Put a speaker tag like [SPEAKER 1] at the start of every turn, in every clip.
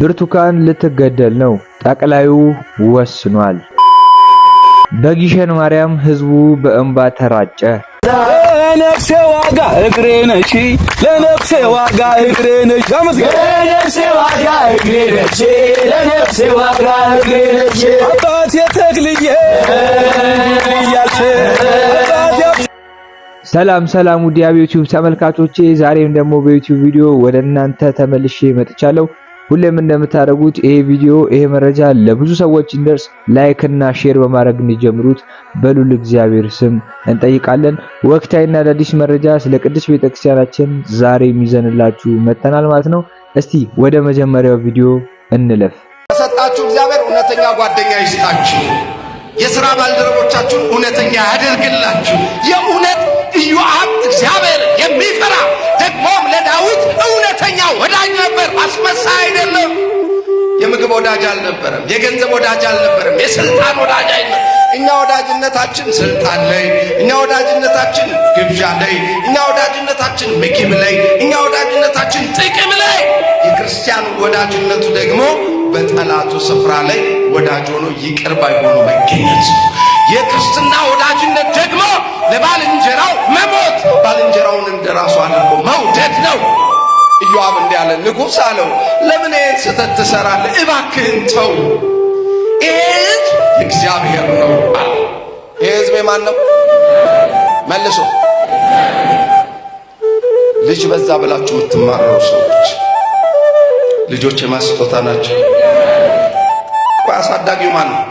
[SPEAKER 1] ብርቱካን ልትገደል ነው፣ ጠቅላዩ ወስኗል። በጊሸን ማርያም ህዝቡ በእንባ ተራጨ። ለነፍሴ ዋጋ እግሬ ነች፣ ለነፍሴ ዋጋ እግሬ ነች፣ ለነፍሴ ዋጋ እግሬ ነች፣ ለነፍሴ ዋጋ እግሬ ነች። አባቴ ተክልዬ ሰላም ሰላም፣ ውድ የዩቲዩብ ተመልካቾቼ፣ ዛሬም ደግሞ በዩቲዩብ ቪዲዮ ወደ እናንተ ተመልሼ መጥቻለሁ። ሁሌም እንደምታደርጉት ይሄ ቪዲዮ ይሄ መረጃ ለብዙ ሰዎች እንደርስ ላይክ እና ሼር በማድረግ እንዲጀምሩት በሉል እግዚአብሔር ስም እንጠይቃለን። ወቅታዊና አዳዲስ መረጃ ስለ ቅዱስ ቤተክርስቲያናችን ዛሬ የሚዘንላችሁ መተናል ማለት ነው። እስቲ ወደ መጀመሪያው ቪዲዮ እንለፍ። ሰጣችሁ እግዚአብሔር እውነተኛ ጓደኛ ይስጣችሁ። የሥራ ባልደረቦቻችሁን እውነተኛ ያደርግላችሁ የእውነት ኢዮአብ እግዚአብሔር የሚፈራ ደግሞም ለዳዊት እውነተኛ ወዳጅ ነበር። አስመሳይ አይደለም። የምግብ ወዳጅ አልነበረም። የገንዘብ ወዳጅ አልነበረም። የስልጣን ወዳጅ አይደለም። እኛ ወዳጅነታችን ስልጣን ላይ፣ እኛ ወዳጅነታችን ግብዣ ላይ፣ እኛ ወዳጅነታችን ምግብ ላይ፣ እኛ ወዳጅነታችን ጥቅም ላይ። የክርስቲያኑ ወዳጅነቱ ደግሞ በጠላቱ ስፍራ ላይ ወዳጅ ሆኖ ይቅር ባይ መገኘት መገኘት የክርስትና ወዳጅነት ደግሞ ለባልንጀራው መሞት፣ ባልንጀራውን እንደራሱ አድርጎ መውደድ ነው። ኢዮአብ እንዲህ ያለ ንጉሥ አለው፣ ለምን ይህን ስህተት ትሰራለህ? እባክህን ተው፣ ይሄ ሕዝብ የእግዚአብሔር ነው አለ። ይሄ ሕዝብ የማን ነው? መልሶ ልጅ በዛ ብላችሁ የምትማረሩ ሰዎች ልጆች የማስጦታ ናቸው። አሳዳጊው ማን ነው?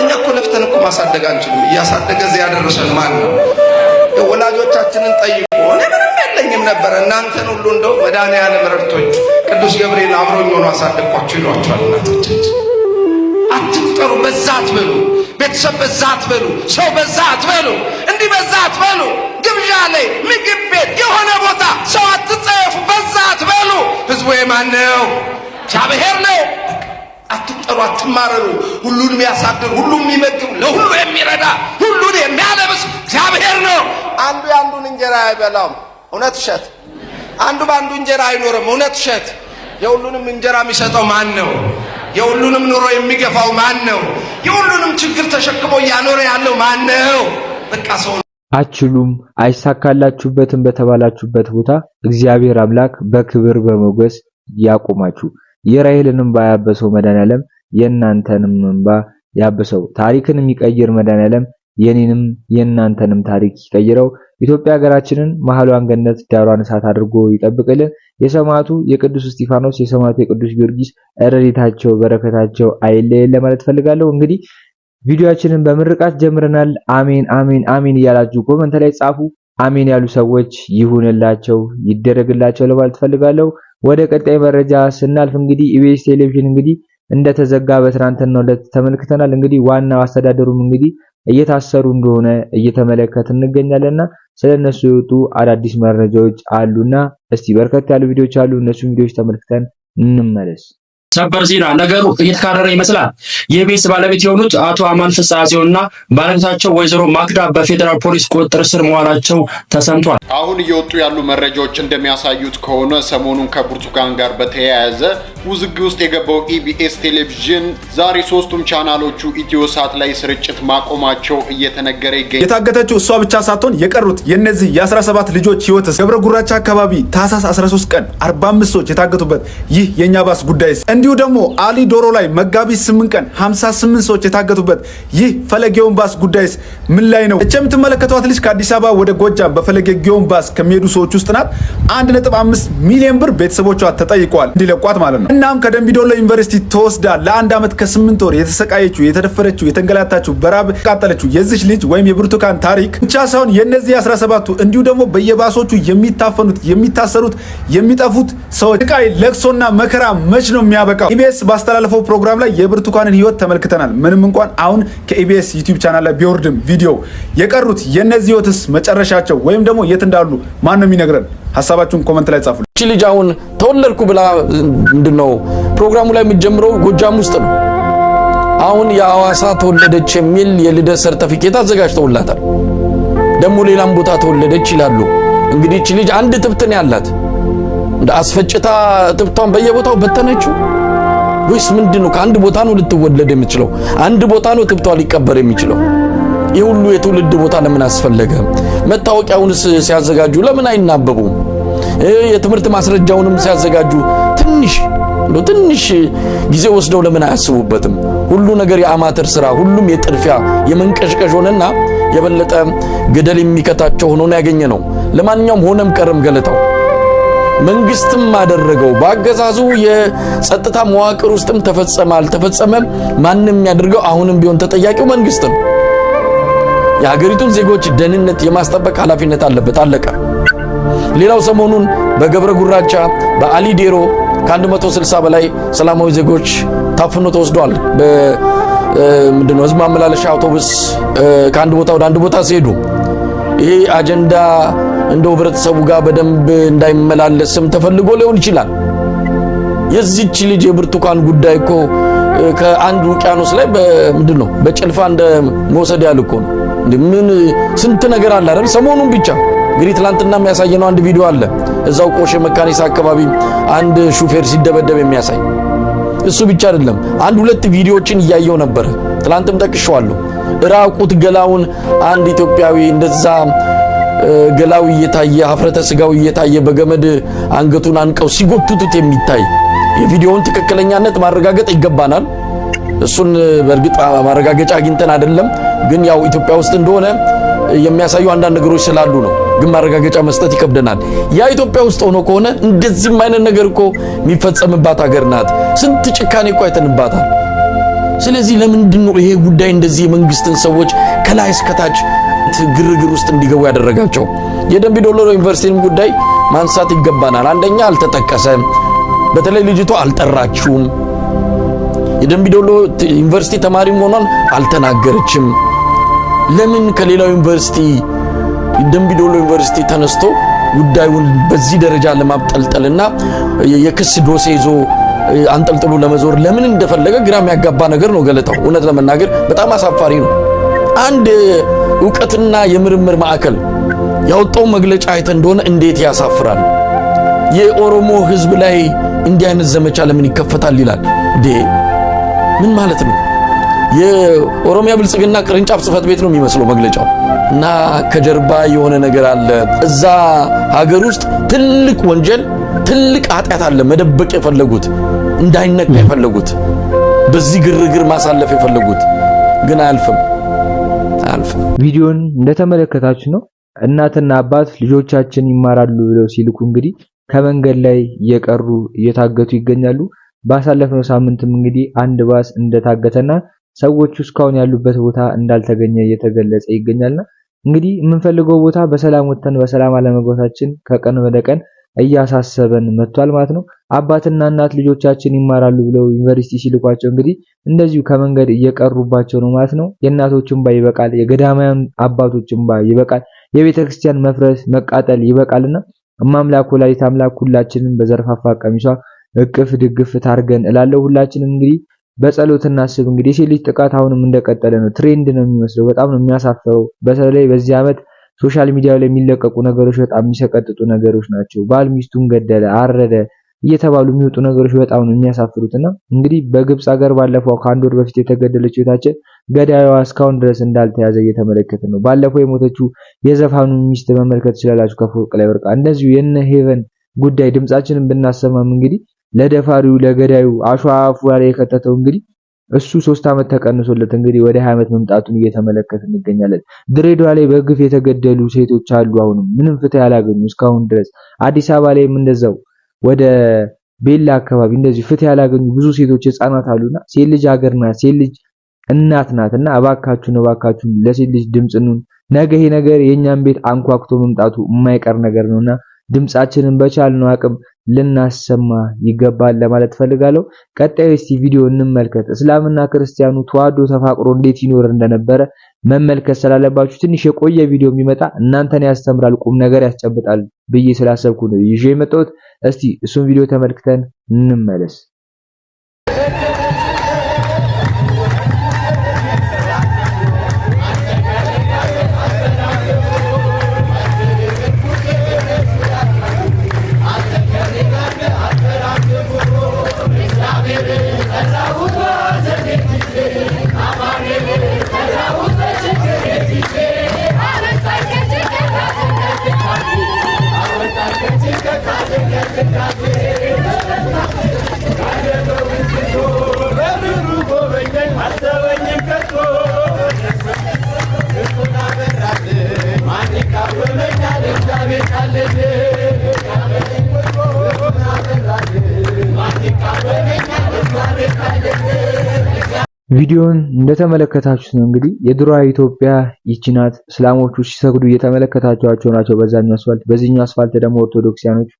[SPEAKER 1] እኛ እኮ ለፍተን እኮ ማሳደግ አንችልም። እያሳደገ እዚህ ያደረሰን ማን ነው? ወላጆቻችንን ጠይቆ እኔ ምንም የለኝም ነበረ እናንተን ሁሉ እንደው መድኃኔዓለም ረድቶኝ ቅዱስ ገብርኤል አብሮኝ ሆኖ አሳደግኳቸው ይሏቸዋል እናቶቻችን። አትቁጠሩ፣ በዛ አትበሉ፣ ቤተሰብ በዛ አትበሉ፣ ሰው በዛ አትበሉ፣ እንዲህ በዛ አትበሉ። ግብዣ ላይ፣ ምግብ ቤት፣ የሆነ ቦታ ሰው አትጸየፉ፣ በዛ አትበሉ። ህዝቡ የማን ነው? እግዚአብሔር ነው። አትጠሩ አትማረሩ። ሁሉን የሚያሳድር ሁሉን የሚመግብ ለሁሉ የሚረዳ ሁሉን የሚያለብስ እግዚአብሔር ነው። አንዱ የአንዱን እንጀራ አይበላውም። እውነት እሸት። አንዱ በአንዱ እንጀራ አይኖርም፣ እውነት እሸት። የሁሉንም እንጀራ የሚሰጠው ማን ነው? የሁሉንም ኑሮ የሚገፋው ማን ነው? የሁሉንም ችግር ተሸክሞ እያኖረ ያለው ማን ነው? በቃ ሰው አችሉም አይሳካላችሁበትም በተባላችሁበት ቦታ እግዚአብሔር አምላክ በክብር በሞገስ ያቆማችሁ። የራሔልን እንባ ያበሰው መድኃኔዓለም የእናንተንም እንባ ያብሰው። ታሪክን የሚቀይር መድኃኔዓለም የኔንም የእናንተንም ታሪክ ይቀይረው። ኢትዮጵያ ሀገራችንን መሐሏን ገነት ዳሯን እሳት አድርጎ ይጠብቅልን። የሰማዕቱ የቅዱስ እስጢፋኖስ የሰማዕቱ የቅዱስ ጊዮርጊስ እረዴታቸው በረከታቸው አይለየን ለማለት ፈልጋለሁ። እንግዲህ ቪዲዮአችንን በምርቃት ጀምረናል። አሜን አሜን አሜን እያላችሁ ኮመንት ላይ ጻፉ። አሜን ያሉ ሰዎች ይሁንላቸው፣ ይደረግላቸው ለማለት ፈልጋለሁ። ወደ ቀጣይ መረጃ ስናልፍ እንግዲህ ኢቢኤስ ቴሌቪዥን እንግዲህ እንደተዘጋ በትናንትናው ዕለት ተመልክተናል። እንግዲህ ዋናው አስተዳደሩም እንግዲህ እየታሰሩ እንደሆነ እየተመለከት እንገኛለንና ስለነሱ የወጡ አዳዲስ መረጃዎች አሉና እስቲ በርከት ያሉ ቪዲዮዎች አሉ። እነሱን ቪዲዮዎች ተመልክተን እንመለስ።
[SPEAKER 2] ሰበር ዜና ነገሩ እየተካረረ ይመስላል። የቤት ባለቤት የሆኑት አቶ አማን ፍስሐጽዮንና ባለቤታቸው ወይዘሮ ማክዳ በፌዴራል ፖሊስ ቁጥጥር ስር መዋላቸው ተሰምቷል።
[SPEAKER 3] አሁን እየወጡ ያሉ መረጃዎች እንደሚያሳዩት ከሆነ ሰሞኑን ከብርቱካን ጋር በተያያዘ ውዝግ ውስጥ የገባው ኢቢኤስ ቴሌቪዥን ዛሬ ሶስቱም ቻናሎቹ ኢትዮ ሳት ላይ ስርጭት ማቆማቸው እየተነገረ
[SPEAKER 2] ይገኛል። የታገተችው እሷ ብቻ ሳትሆን የቀሩት የእነዚህ የ17 ልጆች ህይወትስ? ገብረ ጉራቻ አካባቢ ታህሳስ 13 ቀን 45 ሰዎች የታገቱበት ይህ የእኛ ባስ ጉዳይስ እንዲሁ ደግሞ አሊ ዶሮ ላይ መጋቢት 8 ቀን 58 ሰዎች የታገቱበት ይህ ፈለጌውን ባስ ጉዳይስ ምን ላይ ነው? እቺ የምትመለከቷት ልጅ ከአዲስ አበባ ወደ ጎጃም በፈለገ ባስ ከሚሄዱ ሰዎች ውስጥ ናት። 1.5 ሚሊዮን ብር ቤተሰቦቿ ተጠይቀዋል እንዲለቋት ማለት ነው። እናም ከደምቢዶሎ ዩኒቨርሲቲ ተወስዳ ለአንድ ዓመት ከስምንት ወር የተሰቃየችው፣ የተደፈረችው፣ የተንገላታችው፣ በራብ ቃጠለችው የዚች ልጅ ወይም የብርቱካን ታሪክ ብቻ ሳይሆን የእነዚህ 17ቱ እንዲሁ ደግሞ በየባሶቹ የሚታፈኑት፣ የሚታሰሩት፣ የሚጠፉት ሰዎች ስቃይ፣ ለቅሶና መከራ መች ነው የሚያበ ስናበቃው ኢቢኤስ ባስተላለፈው ፕሮግራም ላይ የብርቱካንን ህይወት ተመልክተናል። ምንም እንኳን አሁን ከኢቢኤስ ዩቲዩብ ቻናል ላይ ቢወርድም ቪዲዮ የቀሩት የነዚህ ህይወትስ መጨረሻቸው ወይም ደግሞ የት እንዳሉ ማን ነው የሚነግረን? ሀሳባችሁን ኮመንት ላይ ጻፉ።
[SPEAKER 4] እቺ ልጅ አሁን ተወለድኩ ብላ ምንድን ነው ፕሮግራሙ ላይ የምትጀምረው ጎጃም ውስጥ ነው። አሁን የአዋሳ ተወለደች የሚል የልደት ሰርተፊኬት አዘጋጅተውላታል። ደግሞ ሌላም ቦታ ተወለደች ይላሉ። እንግዲህ እቺ ልጅ አንድ ትብትን ያላት። እንደ አስፈጭታ ትብቷን በየቦታው በተነችው። ወይስ ምንድን ነው? ከአንድ ቦታ ነው ልትወለድ የምችለው? አንድ ቦታ ነው ትብቷ ሊቀበር የሚችለው? ይህ ሁሉ የትውልድ ቦታ ለምን አስፈለገ? መታወቂያውንስ ሲያዘጋጁ ለምን አይናበቡም? የትምህርት ማስረጃውንም ሲያዘጋጁ ትንሽ ትንሽ ጊዜ ወስደው ለምን አያስቡበትም? ሁሉ ነገር የአማተር ስራ፣ ሁሉም የጥድፊያ የመንቀዥቀዥ ሆነና የበለጠ ገደል የሚከታቸው ሆኖ ያገኘ ነው። ለማንኛውም ሆነም ቀረም ገለታው መንግስትም አደረገው። በአገዛዙ የጸጥታ መዋቅር ውስጥም ተፈጸመ አልተፈጸመም፣ ማንም የሚያደርገው አሁንም ቢሆን ተጠያቂው መንግስት ነው። የሀገሪቱን ዜጎች ደህንነት የማስጠበቅ ኃላፊነት አለበት። አለቀ። ሌላው ሰሞኑን በገብረ ጉራቻ በአሊ ዴሮ ከ160 በላይ ሰላማዊ ዜጎች ታፍኖ ተወስደዋል። ምንድነው ህዝብ ማመላለሻ አውቶቡስ ከአንድ ቦታ ወደ አንድ ቦታ ሲሄዱ ይሄ አጀንዳ እንደው ህብረተሰቡ ጋር በደንብ እንዳይመላለስም ተፈልጎ ሊሆን ይችላል። የዚች ልጅ የብርቱካን ጉዳይ እኮ ከአንድ ውቅያኖስ ላይ ምንድን ነው በጭልፋ እንደ መውሰድ ያህል እኮ ነው። ምን ስንት ነገር አለ አይደል? ሰሞኑን ብቻ እንግዲህ ትላንትና የሚያሳየነው አንድ ቪዲዮ አለ እዛው ቆሼ መካኒሳ አካባቢ አንድ ሹፌር ሲደበደብ የሚያሳይ እሱ ብቻ አይደለም። አንድ ሁለት ቪዲዮዎችን እያየው ነበረ። ትላንትም ጠቅሼዋለሁ። ራቁት ገላውን አንድ ኢትዮጵያዊ እንደዛ ገላው እየታየ ሀፍረተ ስጋው እየታየ በገመድ አንገቱን አንቀው ሲጎትቱት የሚታይ የቪዲዮውን ትክክለኛነት ማረጋገጥ ይገባናል። እሱን በእርግጥ ማረጋገጫ አግኝተን አይደለም፣ ግን ያው ኢትዮጵያ ውስጥ እንደሆነ የሚያሳዩ አንዳንድ ነገሮች ስላሉ ነው። ግን ማረጋገጫ መስጠት ይከብደናል። ያ ኢትዮጵያ ውስጥ ሆኖ ከሆነ እንደዚህም አይነት ነገር እኮ የሚፈጸምባት ሀገር ናት። ስንት ጭካኔ እኮ አይተንባታል። ስለዚህ ለምንድን ነው ይሄ ጉዳይ እንደዚህ የመንግስትን ሰዎች ከላይ እስከታች ግርግር ውስጥ እንዲገቡ ያደረጋቸው። የደምቢ ዶሎ ዩኒቨርሲቲን ጉዳይ ማንሳት ይገባናል። አንደኛ አልተጠቀሰም። በተለይ ልጅቷ አልጠራችውም። የደምቢ ዶሎ ዩኒቨርሲቲ ተማሪ ሆኗል አልተናገረችም። ለምን ከሌላው ዩኒቨርሲቲ ደምቢ ዶሎ ዩኒቨርሲቲ ተነስቶ ጉዳዩን በዚህ ደረጃ ለማብጠልጠልና የክስ ዶሴ ይዞ አንጠልጥሎ ለመዞር ለምን እንደፈለገ ግራ የሚያጋባ ነገር ነው። ገለታው እውነት ለመናገር በጣም አሳፋሪ ነው። አንድ እውቀትና የምርምር ማዕከል ያወጣው መግለጫ አይተን እንደሆነ እንዴት ያሳፍራል። የኦሮሞ ህዝብ ላይ እንዲህ አይነት ዘመቻ ለምን ይከፈታል ይላል። ዴ ምን ማለት ነው? የኦሮሚያ ብልጽግና ቅርንጫፍ ጽህፈት ቤት ነው የሚመስለው መግለጫው እና ከጀርባ የሆነ ነገር አለ። እዛ ሀገር ውስጥ ትልቅ ወንጀል፣ ትልቅ ኃጢአት አለ መደበቅ የፈለጉት እንዳይነቅ የፈለጉት በዚህ ግርግር ማሳለፍ የፈለጉት ግን አያልፍም።
[SPEAKER 1] አያልፍም። ቪዲዮን እንደተመለከታችሁ ነው እናትና አባት ልጆቻችን ይማራሉ ብለው ሲልኩ እንግዲህ ከመንገድ ላይ እየቀሩ እየታገቱ ይገኛሉ። ባሳለፍነው ሳምንትም እንግዲህ አንድ ባስ እንደታገተና ሰዎቹ እስካሁን ያሉበት ቦታ እንዳልተገኘ እየተገለጸ ይገኛልና እንግዲህ የምንፈልገው ቦታ በሰላም ወጥተን በሰላም አለመግባታችን ከቀን ወደ ቀን እያሳሰበን መጥቷል ማለት ነው። አባትና እናት ልጆቻችን ይማራሉ ብለው ዩኒቨርሲቲ ሲልኳቸው እንግዲህ እንደዚሁ ከመንገድ እየቀሩባቸው ነው ማለት ነው። የእናቶችም ባ ይበቃል፣ የገዳማውያን አባቶችም ባ ይበቃል፣ የቤተክርስቲያን መፍረስ መቃጠል ይበቃልና እማምላክ ወላዲተ አምላክ ሁላችንም በዘርፋፋ ቀሚሷ እቅፍ ድግፍ ታርገን እላለሁ። ሁላችንም እንግዲህ በጸሎት እናስብ። እንግዲህ የሴት ልጅ ጥቃት አሁንም እንደቀጠለ ነው። ትሬንድ ነው የሚመስለው። በጣም ነው የሚያሳፍረው። በተለይ በዚህ ዓመት ሶሻል ሚዲያ ላይ የሚለቀቁ ነገሮች በጣም የሚሰቀጥጡ ነገሮች ናቸው። ባል ሚስቱን ገደለ፣ አረደ እየተባሉ የሚወጡ ነገሮች በጣም ነው የሚያሳፍሩት። እና እንግዲህ በግብፅ ሀገር ባለፈው ከአንድ ወር በፊት የተገደለች እህታችን ገዳዩዋ እስካሁን ድረስ እንዳልተያዘ እየተመለከተ ነው። ባለፈው የሞተችው የዘፋኑ ሚስት መመልከት ትችላላችሁ፣ ከፎቅ ላይ ወርቃ። እንደዚሁ የነ ሄቨን ጉዳይ ድምጻችንን ብናሰማም እንግዲህ ለደፋሪው ለገዳዩ አሸዋ አፉ ላይ የከተተው እንግዲህ እሱ ሶስት ዓመት ተቀንሶለት እንግዲህ ወደ 20 ዓመት መምጣቱን እየተመለከት እንገኛለን። ድሬዳዋ ላይ በግፍ የተገደሉ ሴቶች አሉ። አሁንም ምንም ፍትህ ያላገኙ እስካሁን ድረስ አዲስ አበባ ላይም እንደዛው ወደ ቤላ አካባቢ እንደዚህ ፍትህ ያላገኙ ብዙ ሴቶች ህፃናት አሉና ሴት ልጅ ሀገር ናት፣ ሴት ልጅ እናት ናትና እባካችሁን እባካችሁን ለሴት ልጅ ድምጽ ነገ ይሄ ነገር የኛን ቤት አንኳኩቶ መምጣቱ የማይቀር ነገር ነውና ድምጻችንን በቻልነው አቅም ልናሰማ ይገባል ለማለት ፈልጋለሁ። ቀጣዩ እስቲ ቪዲዮ እንመልከት። እስላምና ክርስቲያኑ ተዋዶ ተፋቅሮ እንዴት ይኖር እንደነበረ መመልከት ስላለባችሁ ትንሽ የቆየ ቪዲዮ የሚመጣ እናንተን ያስተምራል፣ ቁም ነገር ያስጨብጣል ብዬ ስላሰብኩ ነው ይዤ የመጣሁት። እስቲ እሱን ቪዲዮ ተመልክተን እንመለስ። ቪዲዮን እንደተመለከታችሁት ነው እንግዲህ የድሮዋ ኢትዮጵያ ይቺ ናት። እስላሞቹ ሲሰግዱ እየተመለከታችኋቸው ናቸው በዛኛው አስፋልት። በዚህኛው አስፋልት ደግሞ ኦርቶዶክሲያኖች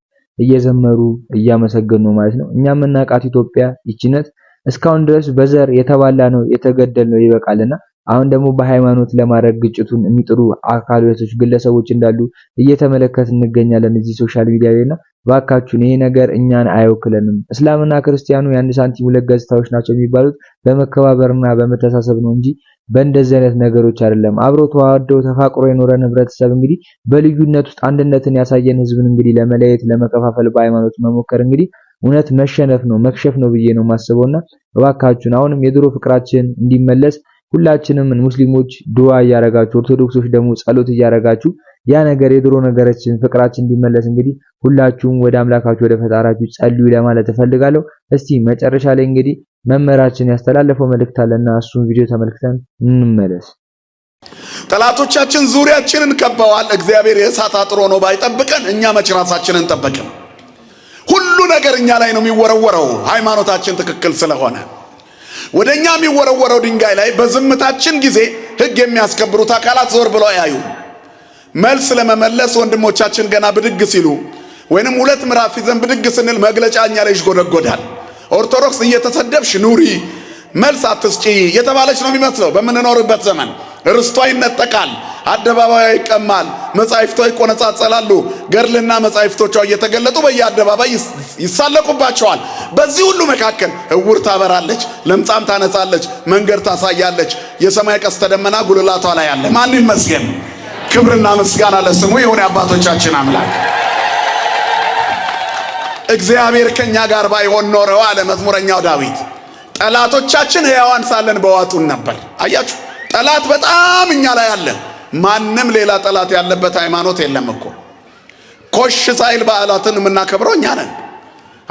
[SPEAKER 1] እየዘመሩ እያመሰገኑ ነው ማለት ነው። እኛ የምናውቃት ኢትዮጵያ ይቺ ናት። እስካሁን ድረስ በዘር የተባላ ነው የተገደል ነው ይበቃልና አሁን ደግሞ በሃይማኖት ለማድረግ ግጭቱን የሚጥሩ አካላቶች ግለሰቦች እንዳሉ እየተመለከት እንገኛለን እዚህ ሶሻል ሚዲያ ላይና ባካችሁን ይሄ ነገር እኛን አይወክለንም። እስላምና ክርስቲያኑ የአንድ ሳንቲም ሁለት ገጽታዎች ናቸው የሚባሉት በመከባበርና በመተሳሰብ ነው እንጂ በእንደዚህ አይነት ነገሮች አይደለም። አብሮ ተዋዶ ተፋቅሮ የኖረን ህብረተሰብ እንግዲህ በልዩነት ውስጥ አንድነትን ያሳየን ህዝብን እንግዲህ ለመለየት ለመከፋፈል በሃይማኖት መሞከር እንግዲህ እውነት መሸነፍ ነው መክሸፍ ነው ብዬ ነው የማስበውና እባካችሁን አሁንም የድሮ ፍቅራችን እንዲመለስ ሁላችንም ሙስሊሞች ዱዓ እያረጋችሁ፣ ኦርቶዶክሶች ደግሞ ጸሎት እያረጋችሁ ያ ነገር የድሮ ነገራችን ፍቅራችን እንዲመለስ እንግዲህ ሁላችሁም ወደ አምላካችሁ ወደ ፈጣራችሁ ጸልዩ ለማለት እፈልጋለሁ። እስቲ መጨረሻ ላይ እንግዲህ መምህራችን ያስተላለፈው መልእክት አለና እሱን ቪዲዮ ተመልክተን እንመለስ።
[SPEAKER 2] ጠላቶቻችን ዙሪያችንን ከበዋል። እግዚአብሔር የእሳት አጥሮ ነው ባይጠብቀን እኛ መች ራሳችንን ጠበቅን? ሁሉ ነገር እኛ ላይ ነው የሚወረወረው ሃይማኖታችን ትክክል ስለሆነ ወደ እኛ የሚወረወረው ድንጋይ ላይ በዝምታችን ጊዜ ህግ የሚያስከብሩት አካላት ዞር ብለው አያዩ። መልስ ለመመለስ ወንድሞቻችን ገና ብድግ ሲሉ ወይንም ሁለት ምዕራፍ ይዘን ብድግ ስንል መግለጫ እኛ ላይ ይጎደጎዳል። ኦርቶዶክስ እየተሰደብሽ ኑሪ መልስ አትስጪ የተባለች ነው የሚመስለው። በምንኖርበት ዘመን ርስቷ ይነጠቃል፣ አደባባዩ ይቀማል፣ መጻሕፍቷ ይቆነጻጸላሉ። ገድልና መጻሕፍቶቿ እየተገለጡ በየአደባባይ ይሳለቁባቸዋል። በዚህ ሁሉ መካከል እውር ታበራለች፣ ለምጻም ታነጻለች፣ መንገድ ታሳያለች። የሰማይ ቀስተ ደመና ጉልላቷ ላይ አለ። ማን ይመስገን? ክብርና ምስጋና ለስሙ ይሁን። አባቶቻችን አምላክ እግዚአብሔር ከኛ ጋር ባይሆን ኖሮ አለ መዝሙረኛው ዳዊት ጠላቶቻችን ሕያዋን ሳለን በዋጡን ነበር። አያችሁ ጠላት በጣም እኛ ላይ አለ። ማንም ሌላ ጠላት ያለበት ሃይማኖት የለም እኮ። ኮሽ ሳይል በዓላትን የምናከብረው እኛ ነን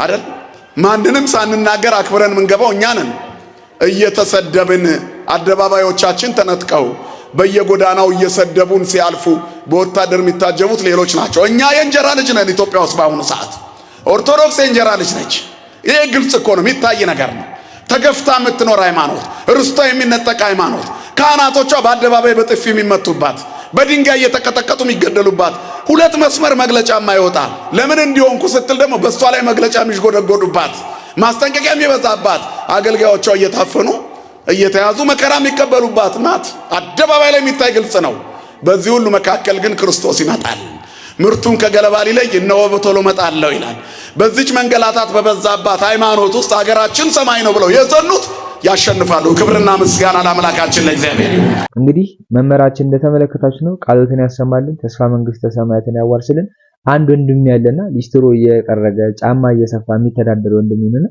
[SPEAKER 2] አይደል? ማንንም ሳንናገር አክብረን የምንገባው እኛ ነን። እየተሰደብን አደባባዮቻችን ተነጥቀው በየጎዳናው እየሰደቡን ሲያልፉ በወታደር የሚታጀቡት ሌሎች ናቸው። እኛ የእንጀራ ልጅ ነን። ኢትዮጵያ ውስጥ በአሁኑ ሰዓት ኦርቶዶክስ የእንጀራ ልጅ ነች። ይሄ ግልጽ እኮ ነው፣ የሚታይ ነገር ነው። ተገፍታ የምትኖር ሃይማኖት፣ ርስቷ የሚነጠቅ ሃይማኖት ካህናቶቿ በአደባባይ በጥፊ የሚመቱባት በድንጋይ እየተቀጠቀጡ የሚገደሉባት ሁለት መስመር መግለጫ ማይወጣ ለምን እንዲሆንኩ ስትል ደግሞ በእሷ ላይ መግለጫ የሚሽጎደጎዱባት ማስጠንቀቂያ የሚበዛባት አገልጋዮቿ እየታፈኑ እየተያዙ መከራ የሚቀበሉባት ናት። አደባባይ ላይ የሚታይ ግልጽ ነው። በዚህ ሁሉ መካከል ግን ክርስቶስ ይመጣል፣ ምርቱን ከገለባ ሊለይ እነሆ በቶሎ እመጣለሁ ይላል። በዚች መንገላታት በበዛባት ሃይማኖት ውስጥ አገራችን ሰማይ ነው ብለው የዘኑት ያሸንፋሉ። ክብርና ምስጋና ለአምላካችን ለእግዚአብሔር።
[SPEAKER 1] እንግዲህ መመራችን እንደተመለከታችሁ ነው፣ ቃሎትን ያሰማልን፣ ተስፋ መንግስተ ሰማያትን ያዋርስልን። አንድ ወንድም ያለና ሊስትሮ እየጠረገ ጫማ እየሰፋ የሚተዳደር ወንድም ይሆንና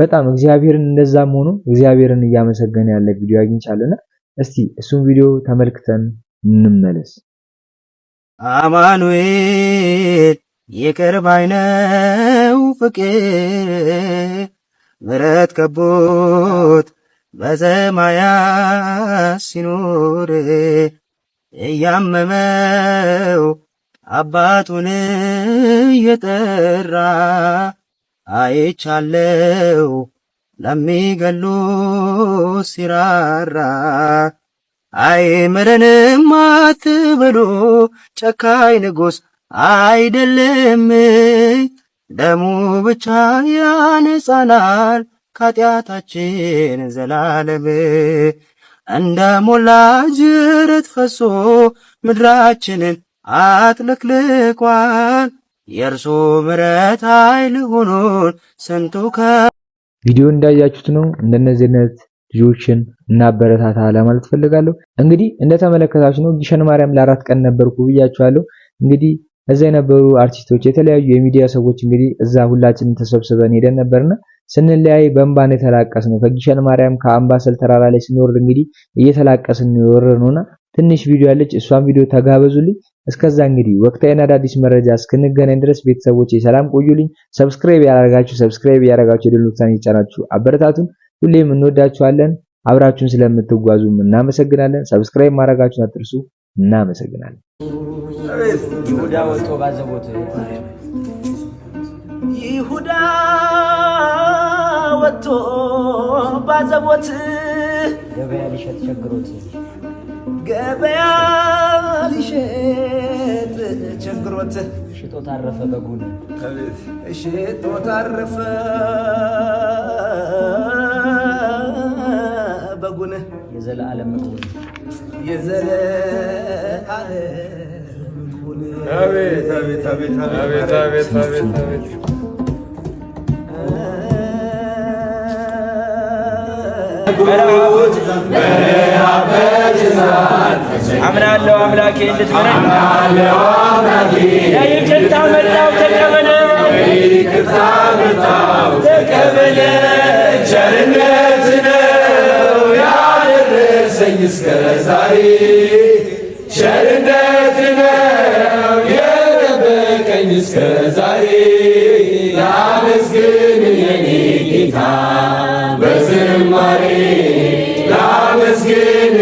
[SPEAKER 1] በጣም እግዚአብሔርን እንደዛም ሆኖ እግዚአብሔርን እያመሰገነ ያለ ቪዲዮ አግኝቻለሁና እስቲ እሱን ቪዲዮ ተመልክተን እንመለስ። አማኑኤል ይቅር ባይ ፍቅር ምረት ከቦት በሰማያት ሲኖር እያመመው አባቱን እየጠራ አይቻለው ለሚገሉ ሲራራ አይምረንም አትበሉ ጨካኝ ንጉሥ አይደለም ደሙ ብቻ ያነጻናል ከኃጢአታችን ዘላለም እንደ ሞላ ጅረት ፈሶ ምድራችንን አጥልቅልቋል። የእርሶ ምረት ኃይል ሆኖን ስንቱ ቪዲዮ እንዳያችሁት ነው። እንደነዚህ አይነት ልጆችን እናበረታታ ለማለት ፈልጋለሁ። እንግዲህ እንደተመለከታችሁ ነው ጊሸን ማርያም ለአራት ቀን ነበርኩ ብያችኋለሁ። እንግዲህ እዛ የነበሩ አርቲስቶች፣ የተለያዩ የሚዲያ ሰዎች እንግዲህ እዛ ሁላችንን ተሰብስበን ሄደን ነበርና ስንለያይ በእንባን የተላቀስ ነው። ከጊሸን ማርያም ከአምባሰል ተራራ ላይ ስንወርድ እንግዲህ እየተላቀስን የወረድ ነውና ትንሽ ቪዲዮ ያለች እሷን ቪዲዮ ተጋበዙልኝ። እስከዛ እንግዲህ ወቅታዊና አዳዲስ መረጃ እስክንገናኝ ድረስ ቤተሰቦች ሰላም ቆዩልኝ። ሰብስክራይብ ያላረጋችሁ ሰብስክራይብ ያላረጋችሁ የደወል ይጫናችሁ አበረታቱን። ሁሌም እንወዳችኋለን። አብራችሁን ስለምትጓዙም እናመሰግናለን። ሰብስክራይብ ማድረጋችሁን አትርሱ። እናመሰግናለን። ይሁዳ ወጥቶ ባዘቦት ይሁዳ ወጥቶ ባዘቦት ገበያ ሊሸጥ ቸግሮት ገበያ ሊሸጥ ቸግሮት ሽጦ ታረፈ በጉን ሽጦ ታረፈ በጉን የዘለዓለም የዘለዓለም
[SPEAKER 5] አምናለው አምላኬ እንድትምረኝ ቸርነት ነው ያደረሰኝ እስከ ዛሬ ቸርነት ነው ነኝ እስከ ዛሬ ላመስግን የኔ ጌታ በዝማሬ ላመስግን